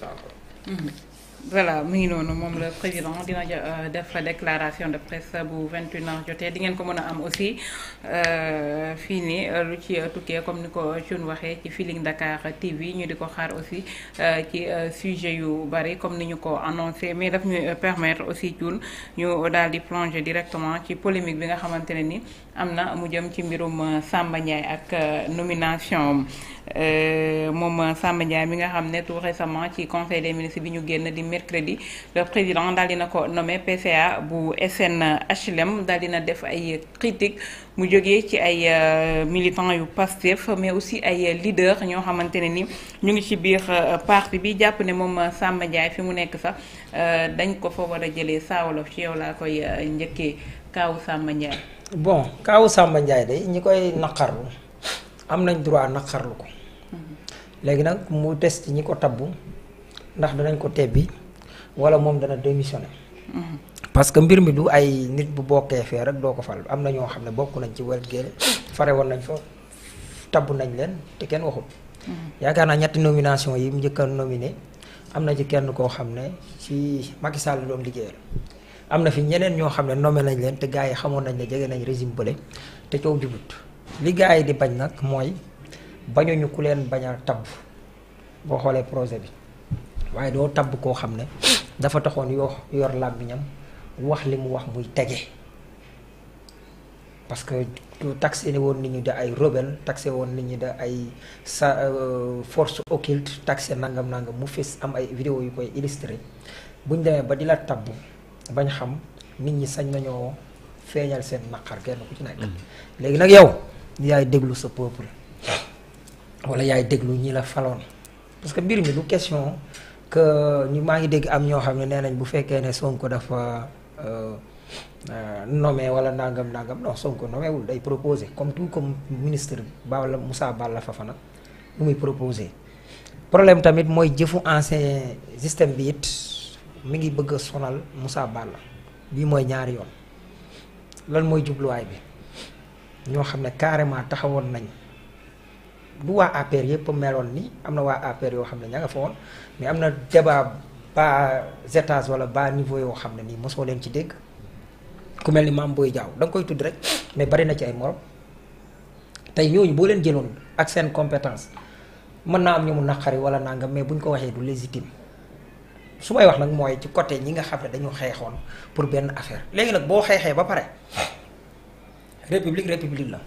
saafara mm-hmm. voilà mu ngi noonu moom la président dina euh, def déclaration de presse bu 21 heures jotee di ngeen ko mën a am aussi euh, fii nii euh, lu ci tukkee comme ni ko Thioune waxee ci Feeling Dakar TV ñu di ko xaar aussi ci sujet yu bari comme ni ñu ko annoncé mais daf ñuy permettre aussi Thioune ñu daal di plonger directement ci polémique bi nga xamante ne ni am na mu jëm ci mbirum Samba ak nomination moom Samba Ndiaye mi nga xam ne tout récemment ci conseil de ministres bi ñu génn mercredi le président daal dina ko nommé PCA bu SNHLM daal dina def ay critique mu jóge ci ay euh, militants yu Pastef mais aussi ay leaders ñoo xamante ne ni ñu ngi ci biir euh, parti bi jàpp ne moom Samba Ndiaye fi mu nekk sax euh, dañ ko fa war a jëlee Saa Wolof ci yow laa koy njëkkee kaawu Samba Ndiaye. bon kaawu Samba Ndiaye de ñi koy naqarlu am nañ droit naqarlu ko mhm. léegi nag mu des ci ñi ko tabbu. ndax danañ ko tebbi wala moom dana démissionné. Mhm. parce que mbir mi du ay nit bu bokkee fee rek doo ko fal am na ñoo xam ne bokk nañ ci wàllu géele fare woon nañ fa tabbu nañ leen te kenn waxul. Mhm. yaakaar naa ñetti nomination yi mu njëkk a nominé am na ci kenn koo xam ne ci Macky Sall doon liggéeyal am na fi ñeneen ñoo xam ne nommé nañ leen te gars yi xamoon nañ ne jege nañ régime bële te coow jubut li gars yi di bañ nag mooy bañuñu ku leen bañ a tabb boo xoolee projet bi. waaye doo tabb koo xam ne dafa taxoon yoo yor làmmiñam wax li mu wax muy tege parce que taxé woon nit ñi da ay rebelle taxé woon nit ñi da ay sa euh, force occulte taxé nangam nangam mu fis am ay vidéo yu koy illustré buñ demee ba di la tabb bañ xam nit ñi sañ nañoo feeñal seen naqar kenn ku ci nekk. Mm-hmm. léegi nag yow yaay déglu sa peuple wala yaay déglu ñi la faloon parce mbir mi du question. que ñu maa ngi dégg am ñoo xam ne nee nañ bu fekkee ne Sonko dafa euh, euh, nommé wala nangam nangam non Sonko nommé wul day proposé comme tout comme ministre Balla Moussa Balla Fafana bu muy proposé. problème tamit mooy jëfu ancien système bi it mi ngi bëgg a sonal Moussa Balla bii mooy ñaari yoon lan mooy jubluwaay bi ñoo xam ne carrément taxawoon nañ. du waa APR yëpp meloon ni am na waa APR yoo xam ne ña nga fa woon mais am na débat bas étage wala baa niveau yoo xam ne nii mosoo leen ci dégg ku mel ni Mame Boye Diaw da nga koy tudd rek mais bari na ci ay morom tey ñooñu boo leen jëloon ak seen compétence mën naa am ñu mu naqari wala nangam mais bu ñu ko waxee du légitime su may wax nag mooy ci côté ñi nga xam ne dañu xeexoon pour benn affaire léegi nag boo xeexee ba pare république la.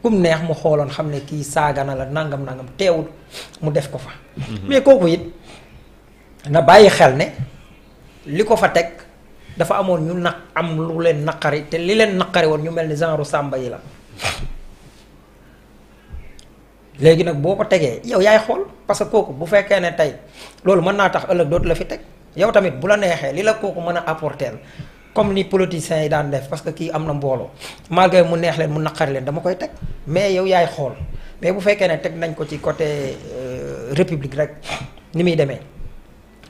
kum neex mu xooloon xam ne kii saaga na la nangam nangam teewul mu def ko fa. Mhm. mais kooku it na bàyyi xel ne li ko fa teg dafa amoon ñu naq am lu leen naqari te li leen naqari woon ñu mel ni genre sàmba yi la. léegi nag boo ko tegee yow yaay xool parce que kooku bu fekkee ne tey loolu mën naa tax ëllëg dootu la fi teg yow tamit bu la neexee li la kooku mën a apporter comme ni politiciens yi daan def parce que kii am na mbooloo malgré mu neex leen mu naqari leen dama koy teg. mais yow yaay xool mais bu fekkee ne teg nañ ko ci côté euh, république rek ni muy demee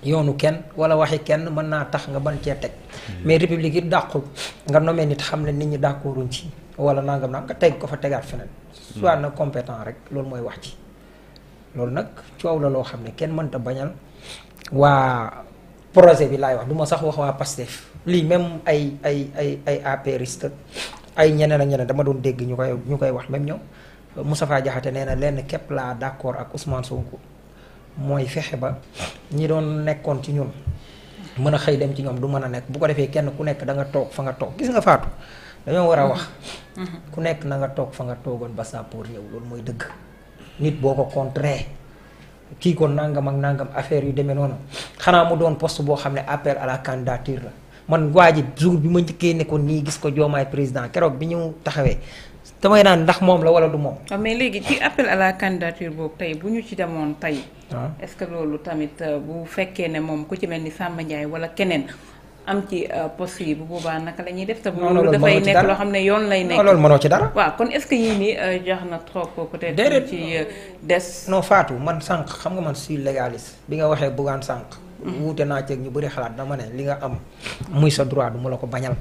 yoonu kenn wala waxi kenn mën naa tax nga ban cee teg hmm. mais république yi dàqu nga nomee nit xam ne nit ñi d'accorduñ ci wala nangam naa nga teg ko fa tegaat feneen soit hmm. na compétent rek loolu mooy wax ci loolu nag coow la loo xam ne kenn mënta bañal waa projet bi laay wax du ma sax wax waa PASTEF lii même ay ay ay ay apériste ay ñeneen a ñeneen dama doon dégg ñu koy ñu koy wax même ñoom Moustapha Diakhaté nee na lenn képp laa d'accord ak Ousmane Sonko mooy fexe ba ñi doon nekkoon ci ñun mën a xëy dem ci ñoom du mën a nekk bu ko defee kenn ku nekk da nga toog fa nga toog gis nga faatu dañoo war a wax ku nekk na nga toog fa nga toogoon ba sa pour yow loolu mooy dëgg nit boo ko contrer kii ko nangam ak nangam affaire yu demee noonu xanaa mu doon post boo xam ne appel à la la man waa ji jour bi ma njëkkee ne ko nii gis ko joomaay président keroog bi ñu taxawee damay naan ndax moom la wala du moom. Ah, mais léegi ci appel à la candidature boobu tey bu ñu ci demoon tey. Ah. est-ce que loolu tamit euh, bu fekkee ne moom ku ci mel ni Samba Ndiaye wala keneen. am ci euh, poste yi bu boobaa naka la ñuy def. te bu loolu dafay nekk loo xam ne yoon lay nekk. loolu mënoo ci dara. waaw kon est-ce nii euh, jox na trop peut-être. déedéet ci des. noo faatu man sànq xam nga man suis légaliste bi nga waxee Bougane sànq. wuute naa ceeg ñu bëri xalaat dama ne li nga am muy sa droit du mu la ko bañal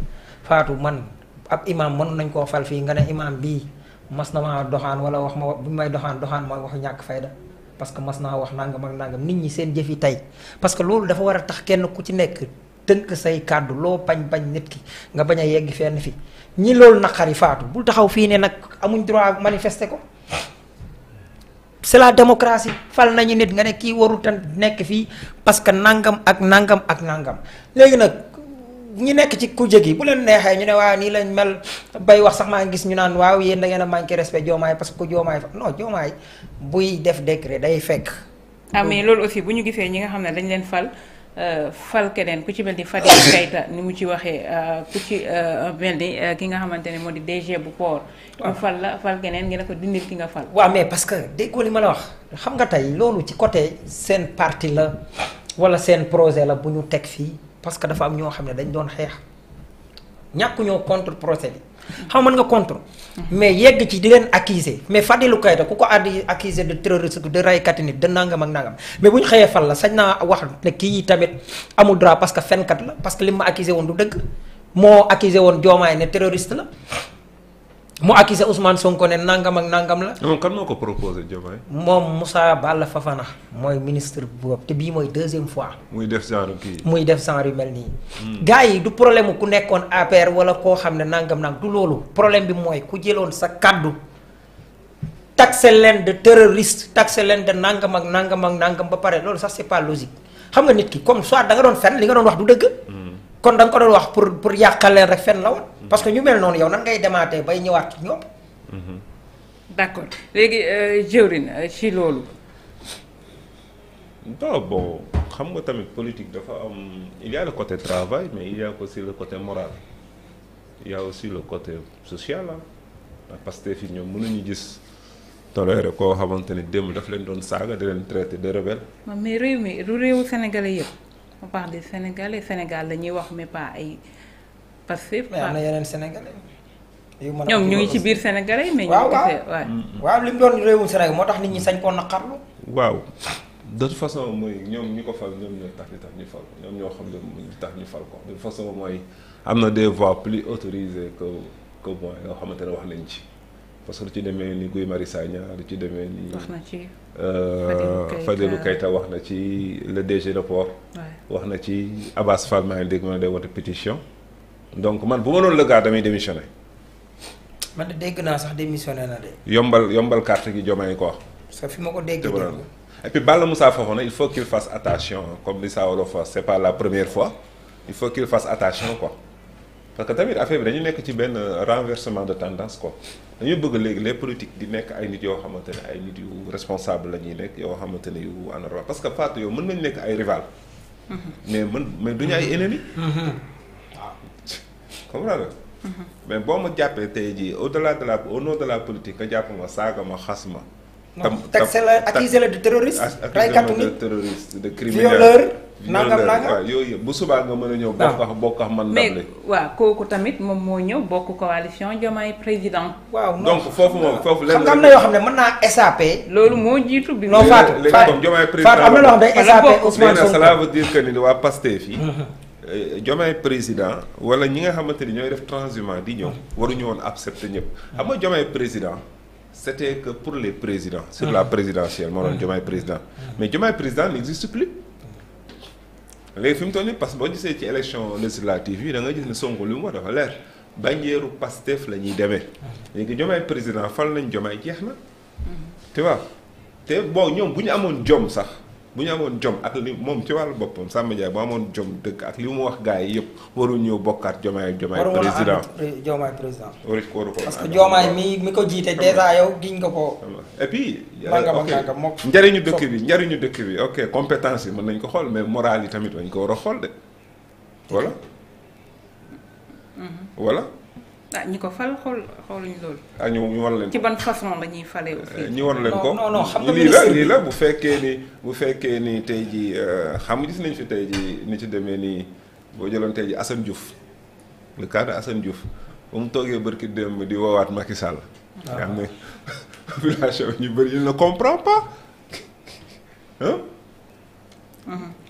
faatu man ab imaam mënoon nañ koo fal fii nga ne imaam bii mas na maa doxaan wala wax ma bu may doxaan doxaan mooy wax ñàkk fayda parce que mas naa wax nangam ak nangam nit ñi seen jëf yi tey parce que loolu dafa war a tax kenn ku ci nekk tënk say kàddu loo bañ-bañ nit ki nga bañ a yegg fenn fii ñi loolu naqari faatu bul taxaw fii ne nag amuñ droit manifester ko c'est la démocratie fal nañu nit nga ne kii warul tan nekk fii parce que nangam ak nangam ak nangam léegi nag ñi nekk ci kuje gi bu leen neexee ñu ne waaw nii lañ mel bay wax sax maa gis ñu naan waaw yéen da ngeen a manqué respect joomaay parce que joomaay fa non joomaay buy def décret day fekk. ah mais loolu aussi bu ñu gisee ñi nga xam ne dañ leen fal. fal keneen ku ci mel ni Fatick Keita ni mu ci waxee euh, ku ci euh, mel ni euh, ki nga xamante ne moo di DG bu port ñu ah. fal la fal keneen ngeen ko dindil ki nga fal. waaw mais parce que déggoo li ma la wax xam nga tey loolu ci côté seen parti la wala seen projet la bu ñu teg fii parce que dafa am ñoo xam ne dañ doon xeex. ñàkk ñoo contre procès bi xam man nga contre mais yegg ci di leen accuser mais Fadilou Keita ku ko addi accuser de terroriste de raykati nit de nangam ak nangam mais bu ñu xëyee fal la sañ naa wax ne kii tamit amul droit parce que fenkat la parce que li ma accusé woon du dëgg moo accusé woon Diomaye ne terroriste la mu accusé Ousmane Sonko ne nangam ak nangam la. moom kan moo ko proposé Diomaye. moom Moussa Balla Fafana mooy ministre boobu te bii mooy deuxième fois. muy def genre kii. muy def genre yu mel nii. Hmm. gars yi du problème ku nekkoon APR wala koo xam ne nangam nag du loolu. problème bi mooy ku jëloon sa kaddu taxé leen de terroriste taxé leen de nangam ak nangam ak nangam ba pare loolu sax c'est pas logique xam nga nit ki comme soit da nga doon fen li nga doon wax du dëgg. Hmm. kon danga ko doon wax pour pour yàqal leen rek fenn la woon. parce que ñu mel noonu yow nan ngay demaatee bay ñëwaat ci ñoom. Mm-hmm. d'accord léegi euh, jëwrin euh, ci loolu. non bon xam nga tamit politique dafa am il y côté travail mais il y côté moral il y a aussi le côté social ah parce que fii ñoom mënuñu gis. toléré koo xamante ni démb daf leen doon saaga di traité de rebelle. mais réew mi du réewu sénégalais yëpp. on parle des sénégalais Sénégal la ñuy wax mais pas ay Pastef. mais am na yeneen sénégalais. ñoom ñu ngi ci biir sénégalais mais. ñu waaw mm-hmm. waaw li mu doon réewum Sénégal moo tax nit ñi sañ koo naqarlu. waaw de toute façon mooy ñoom ñi ko fal ñoom ñoo tax li tax ñu fal ñoom ñoo xam ne li tax ñu fal ko de toute façon mooy am na des voix plus autorisées que que moi yoo xamante ne wax nañ ci. parce que lu ci demee ni Guy Marius Sagna lu ci demee ni. wax na ci euh, Fadilou Keita wax na ci le DG de port. wax na ci Abass Fall maa ngi dégg ma ne day wote pétition. donc man bu ma doon lëkkalaa damay démissionné. man de dégg naa sax démissionné na de. yombal yombal carte gi Diomaye ko wax. parce que fi ma ko dégg et puis Balla Moussa Fofana il faut qu'il fasse attention comme li Saa Wolof c'est pas la première fois il faut qu'il fasse attention ko parce que tamit affaire bi dañu nekk ci benn renversement de tendance quoi dañu bëgg léegi les politiques di nekk ay nit yoo xamante ne ay nit yu responsable la ñuy nekk yoo xamante ne yu ànd parce que Fatou yow mën nañu nekk ay rival mm-hmm. mais man mais du duñu ay ennemi waaw mm-hmm. comprendre mm-hmm. mais boo ma jàppee tey jii au delà de la au nom de la politique nga jàpp ma saaga ma xas ma tam taxé la accusé la de terroriste. raykatu nit de terroriste de criminel violeur nangam nangam waaw yooyu bu subaa nga mën a ñëw. bokk ak bokk ak man ndam li waaw kooku tamit moom moo ñëw bokk coalition Diomaye président. waaw donc foofu moom foofu lenn xam na yoo xam ne mën naa SAP. loolu moo jiitu bi. non Fatou Fatou Fatou am na loo xam ne SAP que ni waa Pastef yi. Mhm. Euh, Diomaye président wala ñi nga xamante ni ñooy def transhumant di ñëw waruñu woon accepté ñëpp xam nga Diomaye président. c'était que pour les présidents sur mm-hmm. la présidentielle moo doon mm-hmm. Diomaye président mais Diomaye président n'existe plus léegi fi mu toll nii parce que boo gisee ci élection législative yi da nga gis ne Sonko lu mu wax dafa leer bannière Pastef la ñuy demee mm-hmm. léegi Diomaye président fal nañ Diomaye jeex na tu vois te boo ñoom bu ñu amoon jom sax bu ñu amoon jom ak li moom ci wàllu boppam sàmm Ndiaye bu amoon jom dëkk ak li mu wax gars yi yëpp waruñ ñëw bokkaat Diomaye Diomaye président Diomaye président waru ko waru ko parce que Diomaye mi mi ko jiite dèjà yow giñ ko ko et puis mangamaga njariñu dëkk bi njariñu dëkk bi ok compétence yi mën nañ ko xool mais morale yi tamit dañ ko war a xool de voilà mm-hmm. voilà ah ñi ko fal xool xooluñ loolu. ah ñu ñu war leen ko ci ban façon la ñuy falee eh, ñu war leen ko non xam nga lii la lii la bu fekkee ni bu fekkee ni tey jii eh, xam gis nañ fi tey jii ni ci demee nii boo jëloon tey jii Assane Diouf le cas de Assane Diouf ba mu toogee barki démb di woowaat Macky Sall. waaw ah. ne population ñu bëri ñu ne comprend pas ah.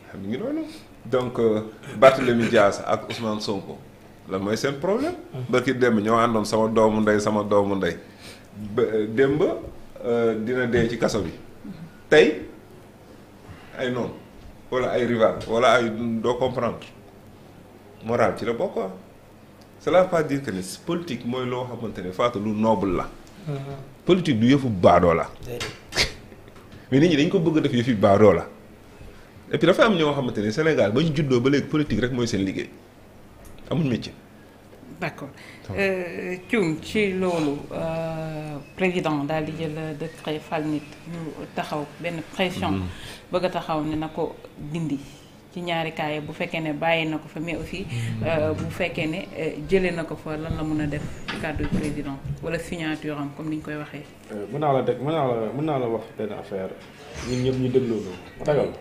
xam ngi noonu donc euh, Barthélémy Dias ak Ousmane Sonko. la mooy seen problème. barki démb ñoo àndoon sama doomu ndey sama doomu ndey ba euh, démb euh, dina dee ci kaso bi tey ay noonu walla ay rival wala ay doo comprendre moral ci la bokk quoi ah. cela veut pas dire que ne politique mooy loo xamante ne faatu lu noble la. Mm-hmm. politique du yëfu baadoo la. mais nit ñi dañ ko bëgg def yëfi baadoo la et puis dafa am ñoo xamante ne Sénégal ba ñu juddoo ba léegi politique rek mooy seen liggéey. amuñ métier. d' accord Thioune euh, ci loolu euh, président daal di jël euh, décret fal nit ñu taxaw benn pression. Mm-hmm. bëgg a taxaw ne na ko dindi. ci ñaari kaay bu fekkee ne bàyyi na ko fa mais aussi mm-hmm. bu fekkee ne jëlee na ko fa lan la mën a def ci kàddu président wala signature am comme ni ñu koy waxee. mën naa la dégg mën naa la mën naa la wax benn affaire ñun ñëpp ñu dégloo ragal.